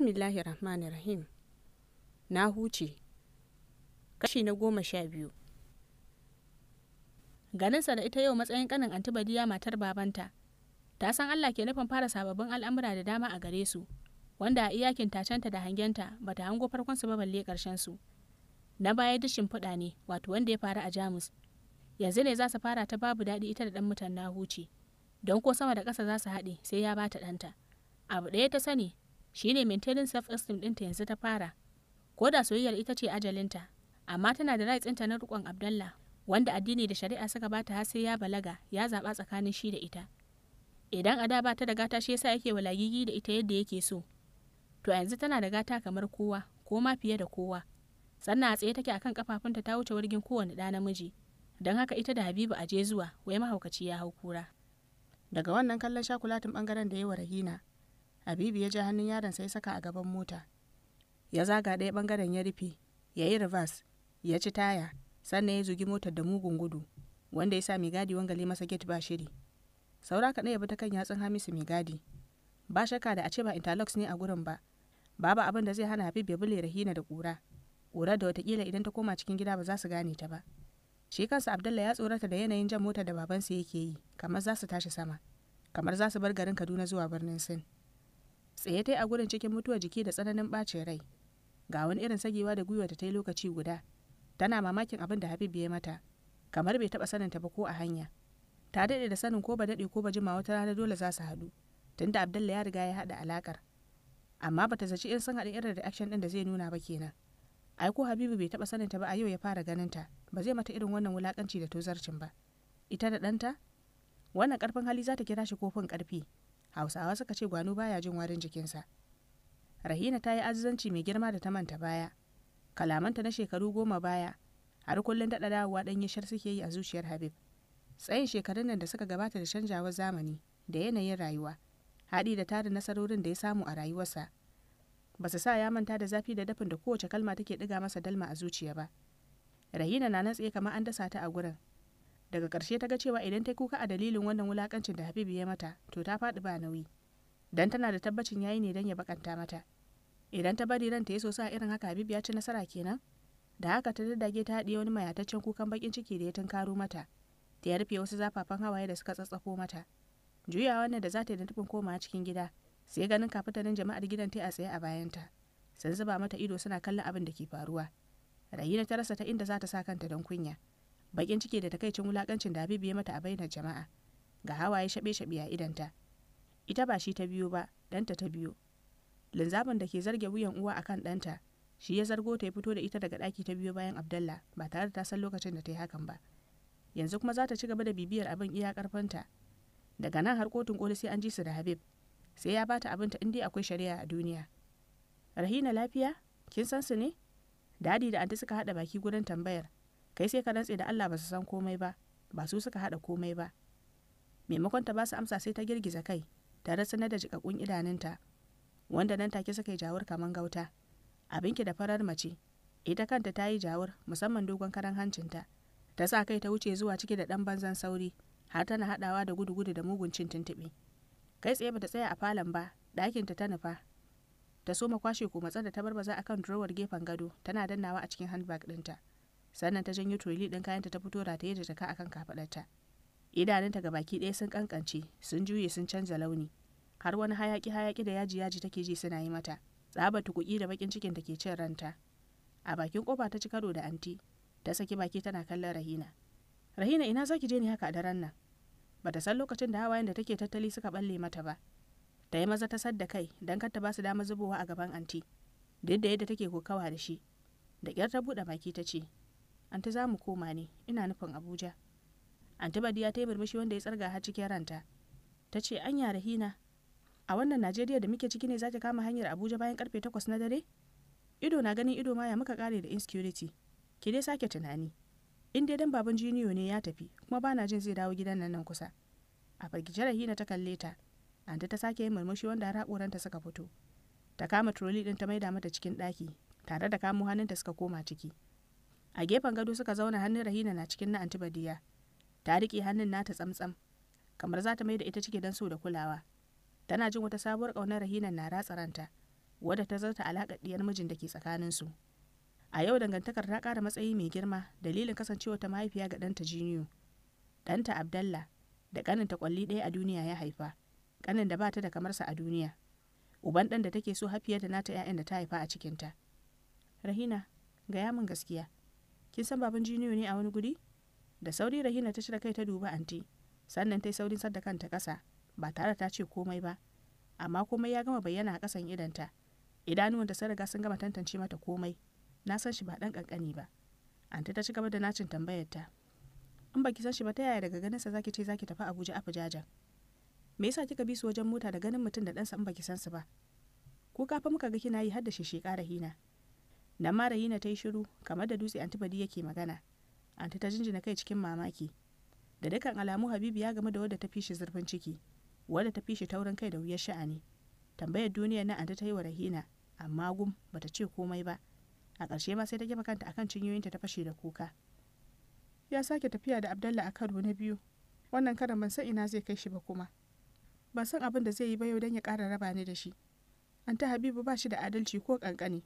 bismillahir rahim na huce kashi na goma sha biyu ganinsa da ita yau matsayin kanin antibadiya matar babanta ta san allah ke nufin fara sababbin al'amura da dama a gare su wanda a iyakin tacenta da hangenta ba ta hango farkon su ba balle su na baya dushin fuda ne wato wanda ya faru a jamus yanzu ne za su fara ta babu daɗi ita da ɗan mutan na huce don ko sama da ƙasa za su haɗe sai ya ba ta ɗanta abu ɗaya ta sani shi ne maintaining self-esteem ɗinta yanzu ta fara ko da soyayyar ita ce ajalinta amma tana da rights ɗinta na rikon abdallah wanda addini da shari'a suka bata har sai ya balaga ya zaɓa tsakanin shi da ita idan a da ba ta da gata shi yasa yake walagigi da ita yadda yake so to yanzu tana da gata kamar kowa ko ma fiye da kowa sannan a tsaye take akan kafafunta ta wuce wargin kowane ɗa namiji don haka ita da habibu a je zuwa wai mahaukaci ya hau kura daga wannan kallon shakulatin bangaren da yawa rahina Habibu ya ji hannun yaron sai saka a gaban mota. Ya zaga ɗaya ɓangaren ya rufe, ya yi rivas, ya ci taya, sannan ya zugi motar da mugun gudu, wanda ya sa Migadi wangale masa get ba shiri. Saura kaɗai ya bi ta kan yatsun Hamisu mai gadi. Ba shakka da a ce ba interlocks ne a gurin ba. Babu abin da zai hana Habibu ya bule Rahina da ƙura. Ƙura da watakila idan ta koma cikin gida ba za su gane ta ba. Shi kansa Abdallah ya tsorata da yanayin jan motar da babansa yake yi, kamar za su tashi sama, kamar za su bar garin Kaduna zuwa birnin Sin. tsaye ta a gurin cikin mutuwa jiki da tsananin bacin rai ga wani irin sagewa da gwiwa ta yi lokaci guda tana mamakin abin da habib ya mata kamar bai taɓa saninta ba ko a hanya ta daɗe da sanin ko ba daɗe ko ba jima wata rana dole za su haɗu tunda Abdullahi ya riga ya haɗa alaƙar amma bata zaci in san haɗa irin reaction ɗin da zai nuna ba kenan ai ko habibu bai taɓa saninta ba a yau ya fara ganinta ba zai mata irin wannan wulakanci da tozarcin ba ita da ɗanta wannan ƙarfin hali za ta kira shi kofin ƙarfi hausawa suka ce gwano baya jin warin jikinsa rahina ta yi azizanci mai girma da ta manta baya kalamanta na shekaru goma baya har kullum daɗa dawowa ɗan shar suke yi a zuciyar habib tsayin shekarun nan da suka gabata da canjawar zamani da yanayin rayuwa haɗi da tarin nasarorin da ya samu a rayuwarsa ba su sa ya manta da zafi da dafin da kowace kalma take ɗiga masa dalma a zuciya ba rahina na nan tsaye kamar an dasa ta a gurin daga ƙarshe ta ga cewa idan ta kuka a dalilin wannan wulakancin da habibu ya mata to ta faɗi ba nauyi dan tana da tabbacin yayi ne dan ya bakanta mata idan ta bari ranta ya so sa irin haka habibu ya ci nasara kenan da haka ta daddage ta haɗiye wani mayataccen kukan bakin ciki da ya tunkaro mata ta ya rufe wasu zafafan hawaye da suka tsatsafo mata Juya wannan da za ta yi da tufin komawa cikin gida sai ganin kafitanin jama'ar gidan ta a tsaye a bayanta sun zuba mata ido suna kallon abin da ke faruwa rayina ta rasa ta inda za ta sa kanta don kunya bakin ciki da takaicin wulakancin da Habibu ya mata a bainar jama'a ga hawaye shaɓe-shaɓe a idanta ita ba shi ta biyo ba danta ta biyo linzamin da ke zarge wuyan uwa akan ɗanta shi ya zargo ta ya fito da ita daga ɗaki ta biyo bayan Abdallah ba tare da ta san lokacin da ta yi hakan ba yanzu kuma za ta ci gaba da bibiyar abin iya karfanta daga nan har kotun koli sai an ji su da Habib sai ya bata abinta in dai akwai shari'a a duniya Rahina lafiya kin san su ne dadi da anti suka haɗa baki gurin tambayar kai sai ka rantse da Allah ba su san komai ba ba su suka haɗa komai ba maimakon ta ba su amsa sai ta girgiza kai ta tare sanar da jikakkun idanunta wanda nan take suka yi jawur kaman gauta abinki da farar mace ita kanta ta yi jawur musamman dogon karan hancinta ta sa kai ta wuce zuwa ciki da ɗan banzan sauri har tana haɗawa da gudu-gudu da mugun cin tuntuɓe kai tsaye bata tsaya a falon ba ɗakinta ta nufa ta soma kwashe ko matsar da ta barbaza akan durowar gefen gado tana dannawa a cikin handbag ɗinta sannan ta janyo toli ɗin kayanta ta fito ta yi da jaka akan kafaɗarta idanunta ga baki ɗaya sun kankance sun juye sun canza launi har wani hayaki hayaki da yaji yaji take ji suna yi mata tsaba tukuki da bakin cikin take ke cin ranta a bakin kofa ta ci karo da anti ta saki baki tana kallon rahina rahina ina zaki je ni haka a daren nan bata san lokacin da hawayen da take tattali suka balle mata ba ta yi maza ta sadda kai don kar ta ba su dama zubowa a gaban anti duk da yadda take kokawa da shi da kyar ta buɗe baki ta ce anta za mu koma ne ina nufin abuja anta badiya ta yi murmushi wanda ya tsarga har cikin ranta ta ce anya rahina a wannan najeriya da muke ciki ne zaki kama hanyar abuja bayan karfe takwas na dare ido na ganin ido ma ya muka kare da insecurity ki dai sake tunani in dai dan baban jiniyo ne ya tafi kuma bana jin zai dawo gidan nan nan kusa a fargice rahina ta kalle ta anta ta sake yin murmushi wanda har hakoranta suka fito ta kama troli din ta maida mata cikin ɗaki tare da kamo hannunta suka koma ciki a gefen gado suka zauna hannun rahina na cikin na antibadiya ta riƙe hannun nata tsamtsam kamar za ta mai da ita cike don so da kulawa tana jin wata sabuwar ƙaunar rahina na ratsa ranta wadda ta zarta alaƙar ɗiyar mijin da ke tsakaninsu a yau dangantakar ta ƙara matsayi mai girma dalilin kasancewa ta mahaifiya ga ɗanta jiniyo ɗanta abdallah da ƙaninta ƙwalli ɗaya a duniya ya haifa ƙanin da ba ta da kamarsa a duniya uban ɗan da take so hafiya da nata 'ya'yan da ta haifa a cikinta rahina gaya min gaskiya kin san baban jiniyo ne a wani guri da sauri rahina ta shirya kai ta duba anti sannan ta yi saurin sadda kanta ƙasa ba tare ta ce komai ba amma komai ya gama bayyana a ƙasan idanta idanuwanta sun riga sun gama tantance mata komai na san shi ba ɗan ƙanƙani ba anti ta ci gaba da nacin tambayar ta in baki san shi ba ta yaya daga ganinsa zaki ce zaki tafi abuja a fujajen me yasa kika bi su wajen mota da ganin mutum da ɗansa in baki san su ba ko kafa muka ga kina yi har da shi ƙara hina da ma rahina ta yi shiru kamar da dutse anti antibadi yake magana anti ta jinjina kai cikin mamaki da dukkan alamu habibu ya gamu da wadda ta fishi zurfin ciki wadda ta fi shi taurin kai da wuyar sha'ani tambayar duniya na anti ta yi wa rahina amma gum bata ce komai ba a ƙarshe ma sai ta gefa kanta akan cinyoyinta ta fashe da kuka ya sake tafiya da abdallah a karo na biyu wannan karan ban san ina zai kai shi ba kuma ban san abin da zai yi ba yau don ya ƙara raba ni da shi an ta habibu ba shi da adalci ko ƙanƙani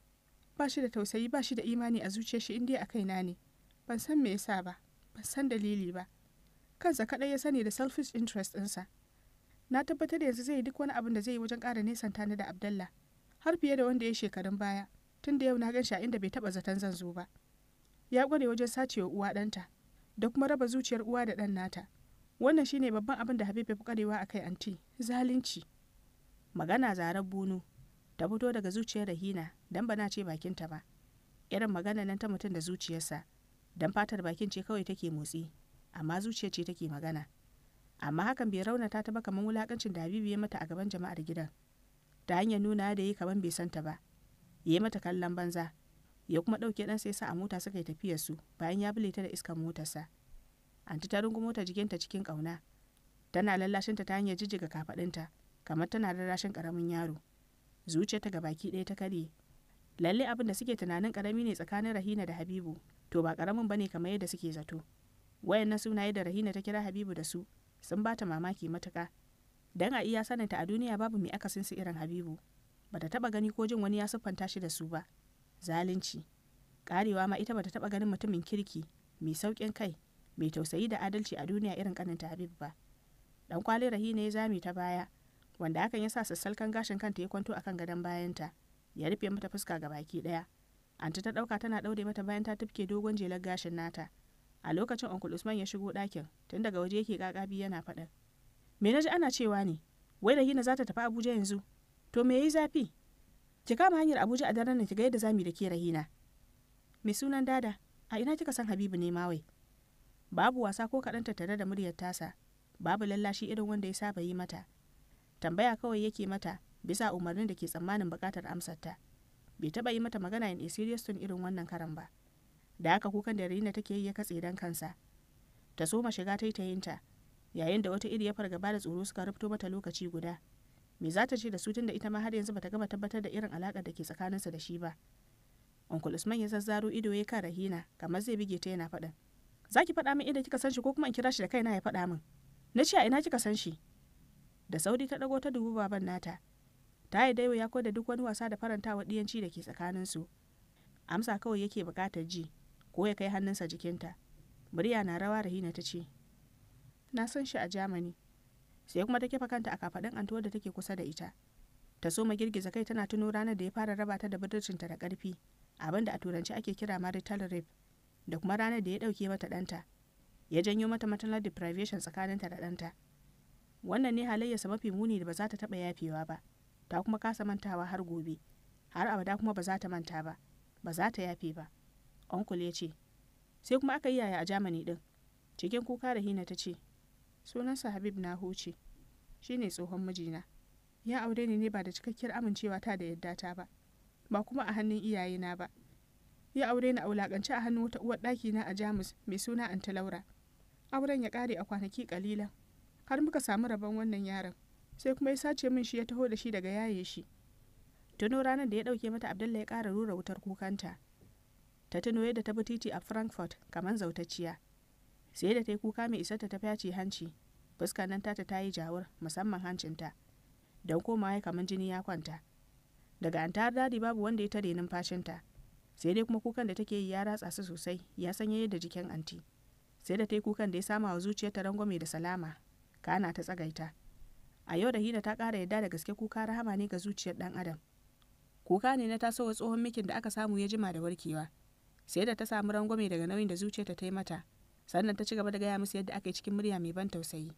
ba shi da tausayi ba shi da imani a zuciyar shi indiya a kaina ne ban san me yasa ba ban san dalili ba kansa kaɗai ya sani da selfish interest ɗinsa na tabbatar da yanzu zai yi duk wani abin da zai yi wajen ƙara nesanta ni da abdallah har fiye da wanda ya shekarun baya tun da yau na gan shi a inda bai taɓa zaton zan zo ba ya gware wajen sacewa uwa ɗanta da kuma raba zuciyar uwa da ɗan nata wannan shine babban abin da habib ya fi ƙwarewa a anti zalunci magana zarar bunu ta fito daga zuciyar rahina dan bana ce bakinta ba irin magana nan ta mutum da zuciyarsa don fatar bakin ce kawai take motsi amma zuciyar ce take magana amma hakan bai rauna ta ba kamar wulakancin da Habibu ya mata a gaban jama'ar gidan ta hanyar nuna da yi kamar bai santa ba ya yi mata kallon banza ya kuma ɗauke ɗansa ya sa a mota suka yi tafiyar su bayan ya bule ta da iskar motarsa anti ta rungu mota jikinta cikin ƙauna tana lallashinta ta hanyar jijjiga kafaɗinta kamar tana rarrashin ƙaramin yaro zuciyarta ga baki ɗaya ta karye lalle abin da suke tunanin karami ne tsakanin rahina da habibu to ba karamin bane kamar yadda suke zato wayannan sunaye da rahina ta kira habibu da su sun bata mamaki matuka dan a iya saninta a duniya babu mai akasin su irin habibu bata taba gani ko jin wani ya siffanta shi da su ba zalunci karewa ma ita bata taɓa ganin mutumin kirki mai saukin kai mai tausayi da adalci a duniya irin kaninta habib ba dan kwale rahina ya zame ta baya wanda hakan ya sa sassalkan gashin kanta ya kwanto akan gadon bayanta ya rufe mata fuska ga baki ɗaya anta ta ɗauka tana ɗaure mata bayan ta tufke dogon jelar gashin nata a lokacin onkul usman ya shigo ɗakin tun daga waje yake kakabi yana faɗin me naji ana cewa ne wai Rahina za ta tafi abuja yanzu to me yayi zafi ki kama hanyar abuja a daren nan ki ga yadda zamu da ke rahina me sunan dada a ina kika san habibu ne mawai babu wasa ko kaɗan tattare da muryar tasa babu lallashi irin wanda ya saba yi mata tambaya kawai yake mata bisa umarnin da ke tsammanin bukatar amsarta bai taba yi mata magana in a serious tun irin wannan karan ba da haka kukan da Rina take yi ya katse dan kansa ta soma shiga taitayinta yayin da wata iri ya fargaba da tsoro suka rubuto mata lokaci guda me za ta ce da sutun da ita ma har yanzu bata gama tabbatar da irin alakar da ke tsakaninsa da shi ba Uncle Usman ya zazzaro ido ya kan Rahina kamar zai bige ta yana faɗin. zaki ki faɗa min inda kika san shi ko kuma in kira shi da kaina ya faɗa min. Na ce a ina kika san shi? da sauri ta ɗago ta dubu baban nata ta yi daiwa ya da duk wani wasa da farantawa ɗiyanci da ke tsakanin su amsa kawai yake buƙatar ji ko ya kai hannunsa jikinta murya na rawa rahina ta ce na son shi a germany sai kuma ta kefa kanta a kafaɗin antuwar da take kusa da ita ta soma girgiza kai tana tuno ranar da ya fara raba ta da budurcinta da ƙarfi abin da a turanci ake kira marital rape da kuma ranar da ya ɗauke mata ɗanta ya janyo mata matsalar deprivation tsakaninta da ɗanta wannan ne halayyarsa mafi muni da ba za ta taɓa yafewa ba ta kuma kasa mantawa har gobe har abada kuma ba za ta manta ba ba za ta yafe ba onkul ya ce sai kuma aka yi yaya a jamani din cikin kuka da hina ta ce sunansa habib na huce Shi ne tsohon mijina ya aure ni ne ba da cikakkiyar amincewa ta da yadda ta ba ba kuma a hannun iyayena ba ya aure ni a wulakance a hannun wata uwar ɗaki na a jamus mai suna antalaura auren ya ƙare a kwanaki ƙalilan har muka samu rabon wannan yaron sai kuma ya sace min shi ya taho da shi daga yaye shi tuno ranar da ya dauke mata abdullahi ya kara rura wutar kukanta ta tuno yadda ta bi titi a frankfurt kamar zautacciya sai da ta yi kuka mai isar ta tafi hanci fuskar nan tata ta yi jawar musamman hancinta don koma ya kamar jini ya kwanta daga an har dadi babu wanda ya tare numfashinta sai dai kuma kukan da take yi ya ratsa su sosai ya sanya yadda jikin anti sai da ta yi kukan da ya sama wa zuciyarta rangwame da salama kana ta tsagaita a yau da hina ta ƙara yadda da gaske kuka rahama ne ga zuciyar ɗan adam kuka ne na tasowa tsohon mikin da aka samu ya jima da warkewa sai da ta samu rangwame daga nauyin da zuciyarta ta yi mata sannan ta ci gaba da gaya musu yadda aka yi cikin murya mai ban tausayi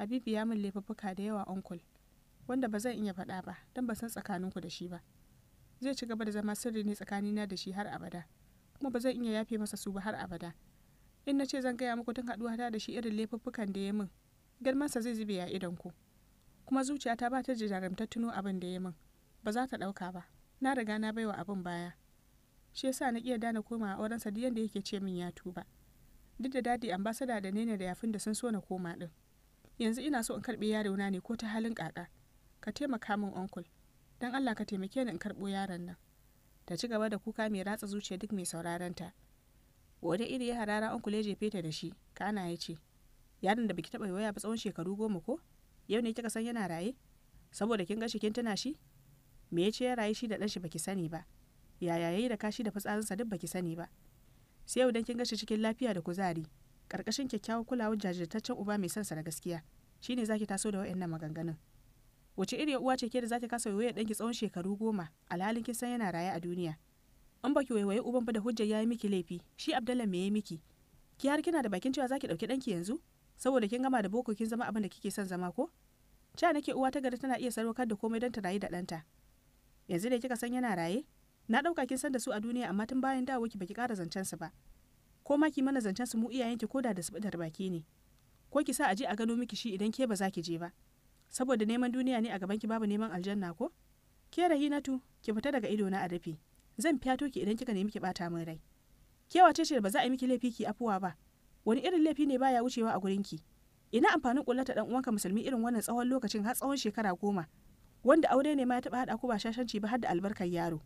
habibu ya min laifuffuka da yawa onkul wanda ba zan iya faɗa ba don ba san tsakaninku da shi ba zai ci gaba da zama sirri ne tsakanina da shi har abada kuma ba zan iya yafe masa su ba har abada in na ce zan gaya muku tun haɗuwa ta da shi irin laifuffukan da ya min girmansa zai zube a ku. kuma zuciyata ba ta jarumta tuno abin da ya min ba za ta ɗauka ba na riga na baiwa abin baya shi yasa na iya dana koma a aurensa duk yadda yake ce min ya tuba duk da dadi ambasada da nene da yafin da sun so na koma din yanzu ina so in karɓi na ne ko ta halin kaka ka taimaka min onkul don allah ka taimake ni in karɓo yaron nan ta ci gaba da kuka mai ratsa zuciya duk mai sauraron ta wani iri ya harara onkul ya jefe ta da shi kana ya ce yaron da baki taɓa waya ba tsawon shekaru goma ko yau ne kika san yana raye saboda kin ga shi kin tana shi me ya ya raye shi da dan shi baki sani ba yaya yayi da kashi da fitsarinsa duk baki sani ba sai yau dan kin ga cikin lafiya da kuzari karkashin kyakkyawar kulawar jajirtaccen uba mai sansa da gaskiya shine zaki taso da wayannan maganganun wace iri uwa ce ke da zaki kasa waya danki tsawon shekaru goma alhalin kin san yana raye a duniya an baki waiwaye uban ba da hujjar yayi miki laifi shi abdallah me yayi miki ki har kina da bakin cewa zaki dauki danki yanzu saboda kin gama da boko kin zama abin da kike son zama ko ca nake uwa ta gari tana iya sadaukar da komai don ta rayu da ɗanta yanzu ne kika san yana raye na ɗauka kin san da su a duniya amma tun bayan dawo ki baki ƙara zancen su ba ko ma ki mana zancen su mu iyayen ki koda da su baki ne ko ki sa a je a gano miki shi idan ke ba za ki je ba saboda neman duniya ne a gaban ki babu neman aljanna ko ke rahinatu ki fita daga ido na a dafe zan fiyato ki idan kika nemi ki bata min rai kewa ce ce ba za a yi miki laifi ki afuwa ba wani irin laifi ne baya wucewa a gurinki ina amfanin kullata dan uwanka musulmi irin wannan tsawon lokacin har tsawon shekara goma wanda aure ne ma ya taba hada ku ba shashanci ba har da albarkar yaro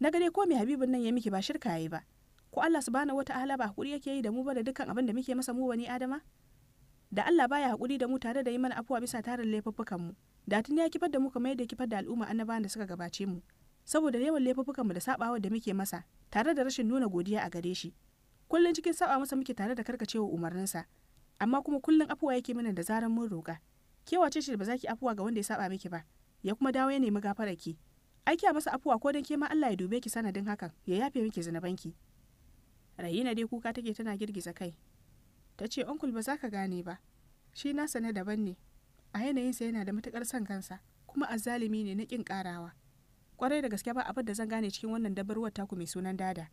na gare ko mai habibin nan ya miki ba shirka yayi ba ko Allah subhanahu wataala ba hakuri yake yi da mu ba da dukkan abin da muke masa mu wani adama da Allah baya hakuri da mu tare da yi mana afuwa bisa tarin laifuffukan mu da tun ya kifar da mu kamar yadda kifar da al'umma annabawan da suka gabace mu saboda yawan laifuffukan mu da sabawa da muke masa tare da rashin nuna godiya a gare shi kullum cikin saba masa muke tare da karkacewa umarninsa amma kuma kullum afuwa yake mana da zaran mun roƙa ke wace ce da ba za ki afuwa ga wanda ya saba miki ba ya kuma dawo ya nemi gafarar ki ai kiya masa afuwa ko dan ke ma Allah ya dube ki sanadin hakan ya yafe miki zinabanki rayina dai kuka take tana girgiza kai ta ce Uncle, ba za ka gane ba shi nasa na daban ne a yanayinsa yana da matukar son kansa kuma azzalimi ne na kin karawa kwarai da gaske ba abin da zan gane cikin wannan dabarwar taku mai sunan dada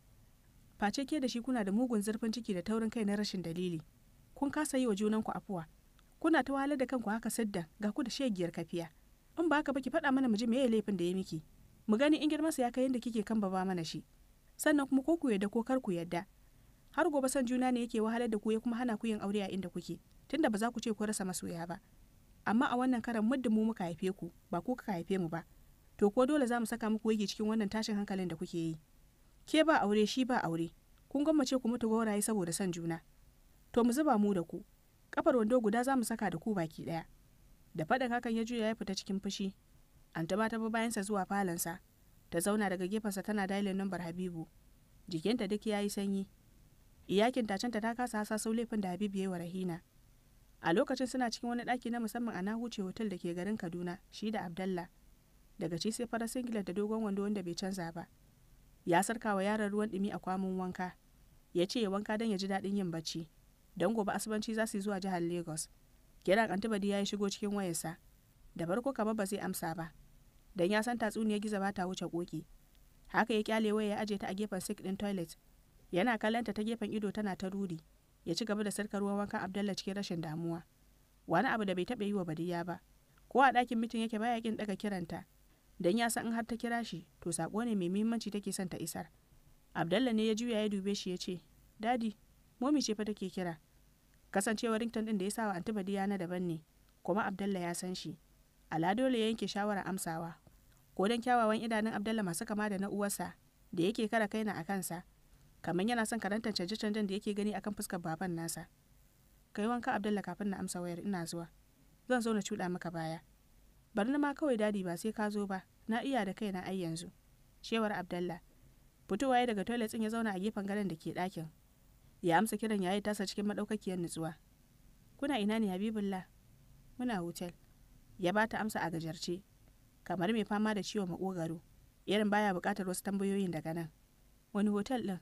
face ke da shi kuna da mugun zurfin ciki da taurin kai na rashin dalili kun kasa yi wa junan ku afuwa kuna ta wahalar da kanku haka sadda ga ku da shegiyar kafiya in ba haka ba ki faɗa mana mu ji meye laifin da ya miki mu gani in girmansa ya kai yadda kike kan baba mana shi sannan kuma ko ku yadda ko kar ku yadda har gobe san juna ne yake wahalar da ku ya kuma hana ku yin aure a inda kuke tunda ba za ku ce ku rasa masoya ba amma a wannan karan muddin mu muka haife ku ba ku ka haife mu ba to ko dole za mu saka muku wigi cikin wannan tashin hankalin da kuke yi ke ba aure shi ba aure kun gwammace ku mutu gauraye saboda son juna to mu zuba mu da ku kafar wando guda za mu saka da ku baki daya da faɗin hakan ya juya ya fita cikin fushi anta ma ta bi bayansa zuwa falonsa ta zauna daga gefensa tana dailin nambar habibu jikinta duk ya yi sanyi iyakin tacenta ta kasa hasa sau laifin da habibu ya yi wa rahina a lokacin suna cikin wani ɗaki na musamman a nahuce hotel da ke garin kaduna shi da abdallah daga ci sai farar singlet da dogon wando wanda bai canza ba ya sarka wa yaron ruwan ɗumi a kwamin wanka ya ce ya wanka don ya ji daɗin yin bacci don gobe asibanci za su yi zuwa jihar lagos kiran antibadi ya yi shigo cikin wayarsa da farko kamar ba zai amsa ba don ya san tatsuniyar giza ba ta wuce koki haka ya kyale waya ya aje ta a gefen sink ɗin toilet yana kallanta ta gefen ido tana ta ruri ya ci gaba da sarka ruwan wankan abdalla cikin rashin damuwa wani abu da bai taɓa yi wa badiya ba ko a ɗakin mitin yake baya kin ɗaga kiranta don ya san in har ta kira shi to sako ne mai muhimmanci take son ta isar abdalla ne ya juya ya dube shi ya ce dadi momi ce fa take kira kasancewar rington din da ya sa wa antibadiya na daban ne kuma abdalla ya san shi ala dole ya yanke shawarar amsawa ko don kyawawan idanun abdalla masu kama da na uwarsa da yake kara kaina a kansa kamar yana son karantar canje-canjen da yake gani akan fuskar baban nasa kai wanka abdalla kafin na amsa wayar ina zuwa zan zo na cuɗa maka baya bari ma kawai dadi ba sai ka zo ba na iya da kaina ai yanzu cewar abdallah fitowa ya daga toilet ya zauna a gefen gadon da ke dakin ya amsa kiran yayi tasa cikin madaukakiyar nutsuwa kuna ina ne habibullah muna hotel ya ba ta amsa a gajarce kamar mai fama da ciwon makogaro irin baya bukatar wasu tambayoyin daga nan wani hotel din?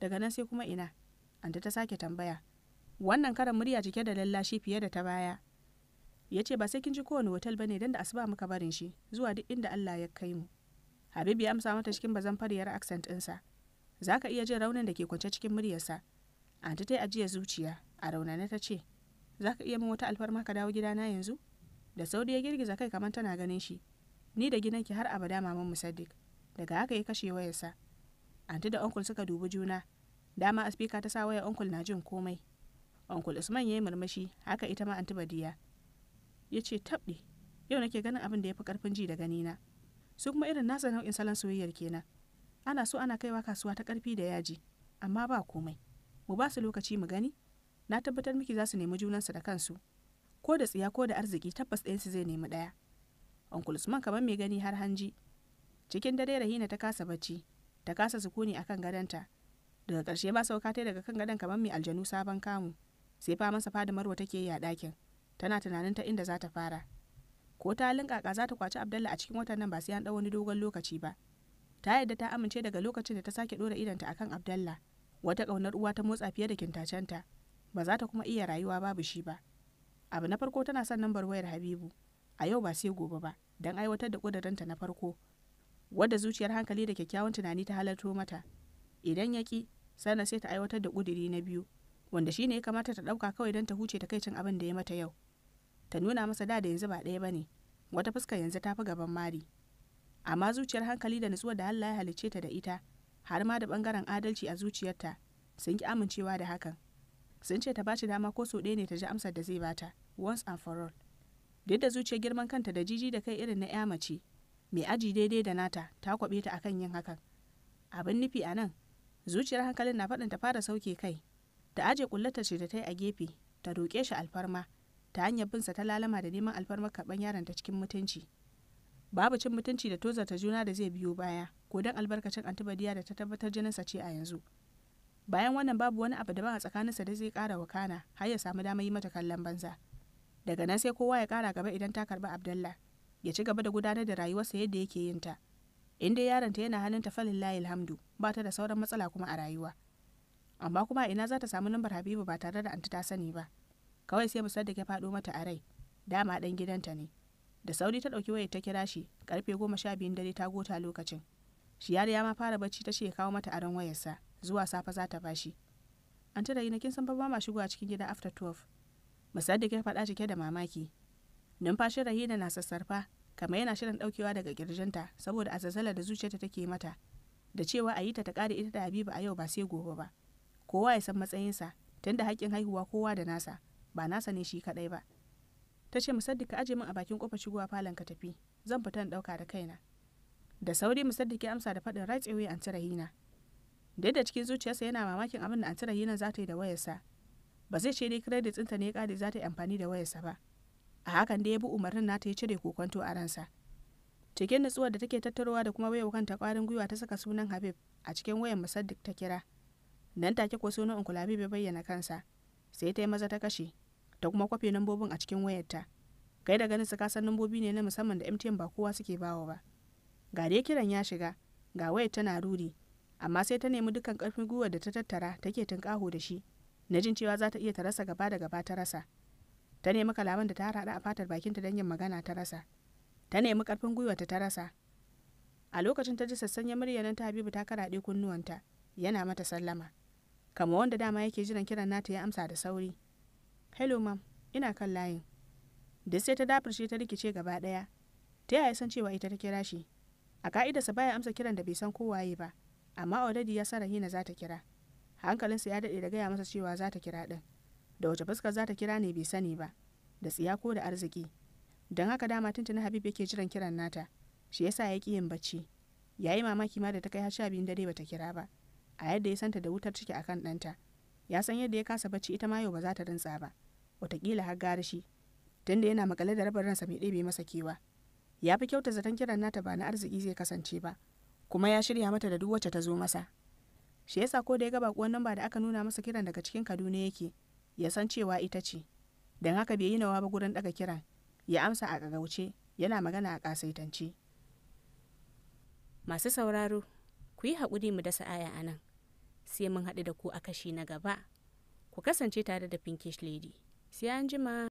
daga nan sai kuma ina anta ta sake tambaya wannan karan murya cike da lallashi fiye da ta baya ya ce ba sai kin ji kowane hotel ne dan da asuba muka barin shi zuwa duk inda Allah ya kai mu Habibu ya amsa mata cikin bazan fariyar accent ɗinsa za ka iya jin raunin da ke kwance cikin muryarsa Anta ta yi ajiya zuciya a raunane ta ce za ka iya min wata alfarma ka dawo gidana yanzu da saudi ya girgiza kai kamar tana ganin shi ni da ki har abada maman musaddik daga haka ya kashe wayarsa Anta da onkul suka dubi juna dama a ta sa waya onkul na jin komai onkul usman ya yi murmushi haka ita ma anti badiya ya ce tabɗi yau nake ganin abin da ya fi ƙarfin ji da ganina su kuma irin nasa nau'in salon soyayyar kenan ana so ana kaiwa kasuwa ta ƙarfi da yaji amma ba komai mu ba su lokaci mu gani na tabbatar miki za su nemi junansu da kansu ko da tsiya ko da arziki tabbas su zai nemi ɗaya uncle usman kamar mai gani har hanji cikin dare rahina ta kasa bacci ta kasa sukuni akan gadonta daga ƙarshe ba sauka ta daga kan gadon kamar mai aljanu sabon kamu sai fa masa fadamarwa take yi a ɗakin tana tunanin ta inda za ta fara ko ta halin za ta kwaci abdalla a cikin watan nan ba sai an ɗau wani dogon lokaci ba ta yadda ta amince daga lokacin da ta sake ɗora idanta akan abdalla wata ƙaunar uwa ta motsa fiye da kintacenta ba za ta kuma iya rayuwa babu shi ba abu na farko tana son nambar wayar habibu a yau ba sai gobe ba don aiwatar da ƙudurinta na farko wadda zuciyar hankali da kyakkyawan tunani ta halarto mata idan ya ƙi, sannan sai ta aiwatar da ƙuduri na biyu wanda shine ya kamata ta ɗauka kawai don ta huce cin abin da ya mata yau ta nuna masa da yanzu ba ɗaya ne. wata fuskar yanzu ta fi gaban mari amma zuciyar hankali da nutsuwar da Allah ya halicce ta da ita har ma da bangaren adalci a zuciyarta sun ki amincewa da hakan sun ce ta bashi dama ko so ɗaya ne ta ji amsar da zai bata once and for all duk da zuciyar girman kanta da jiji da kai irin na ya mace mai aji daidai da nata ta kwabe ta akan yin hakan abin nufi a nan zuciyar hankalin na faɗin ta fara sauke kai ta aje kullatar ce da ta yi a gefe ta roƙe shi alfarma ta hanyar bin sa ta lalama da neman alfarmar karban yaron ta cikin mutunci babu cin mutunci da tozarta juna da zai biyo baya ko dan albarkacin antibadiya da ta tabbatar jinin sa ce a yanzu bayan wannan babu wani abu daban a tsakaninsa da zai kara wakana har ya samu damar yi mata kallon banza daga nan sai kowa ya kara gaba idan ta karba abdalla ya ci gaba da gudanar da rayuwarsa yadda yake yin ta in dai yaronta yana halin tafalin layil hamdu ba ta da sauran matsala kuma a rayuwa amma kuma ina za ta samu lambar habibu ba tare da anti ta sani ba kawai sai da ya faɗo mata a rai dama ɗan gidanta ne da sauri ta ɗauki wayar ta kira shi karfe goma sha biyun dare ta gota lokacin shiyar ya ma fara bacci ta ce kawo mata aron sa zuwa safe za ta bashi an tara na kin san ba ma shigowa cikin gida after 12 da ya faɗa cike da mamaki numfashin rahina na sassarfa kamar yana shirin ɗaukewa daga ƙirjinta saboda a zazzala da zuciyarta take mata da cewa a yi ta ta ƙare ita da habiba a yau ba sai gobe ba kowa ya san matsayinsa tunda haƙƙin haihuwa kowa da nasa ba nasa ne shi kaɗai ba ta ce musaddi ka aje min a bakin kofar shigowa falon ka tafi zan fita in ɗauka da kaina da sauri musaddi ke amsa da faɗin right away anti rahina da da cikin zuciyarsa yana mamakin abin da tira hina za ta yi da wayarsa ba zai ce dai credit ɗinta ne ya ƙare za ta yi amfani da wayarsa ba a hakan da ya bi umarnin nata ya cire kokonto a ransa cikin nutsuwar da take tattarowa da kuma baiwa kanta ƙwarin gwiwa ta saka sunan habib a cikin wayar musaddik ta kira nan take ko sunan unkulabi bai bayyana kansa sai ta yi maza ta kashe ta kuma kwafe lambobin a cikin wayarta kai da ganin su san lambobi ne na musamman da mtn ba kowa suke bawa ba ga dai kiran ya shiga ga wayar tana ruri amma sai ta nemi dukkan karfin gwiwar da ta tattara take tunƙaho da shi na jin cewa za ta iya ta rasa gaba da gaba ta rasa ta nemi kalaman da ta haɗa a fatar bakinta don yin magana ta rasa ta nemi karfin gwiwar ta rasa a lokacin ta ji sassanya murya nan ta habibu ta karaɗe kunnuwanta yana mata sallama kama wanda dama yake jiran kiran nata ya amsa da sauri hello maam? ina kan layin da sai ta dafirce ta rikice gaba daya ta yaya san cewa ita ta kira shi a ka'idarsa baya amsa kiran da bai san kowaye ba amma already ya san rahina za ta kira hankalinsa ya daɗe da gaya masa cewa za ta kira ɗin da wace fuskar za ta kira ne bai sani ba da tsiya ko da arziki don haka dama tuntuni habib yake jiran kiran nata shi yasa ya ƙi yin bacci ya yi mamaki ma da ta kai har sha biyun dare bata kira ba a yadda ya santa da wutar ciki akan ɗanta ya san yadda ya kasa bacci ita ma yau ba za ta rintsa ba watakila har gare shi tunda yana makale da rabar ransa bai ɗebe masa kewa ya fi kyauta zaton kiran nata ba na arziki zai kasance ba kuma ya shirya mata da duk wacce ta zo masa shi yasa ko da ya ga bakuwan nan da aka nuna masa kiran daga cikin kaduna yake ya san cewa ita ce don haka bai yi nawa ba gurin daga kiran ya amsa a kagauce yana magana a kasaitance masu sauraro ku yi haƙuri mu dasa aya a nan sai mun haɗu da ku a kashi na gaba ku kasance tare da pinkish lady si anjima.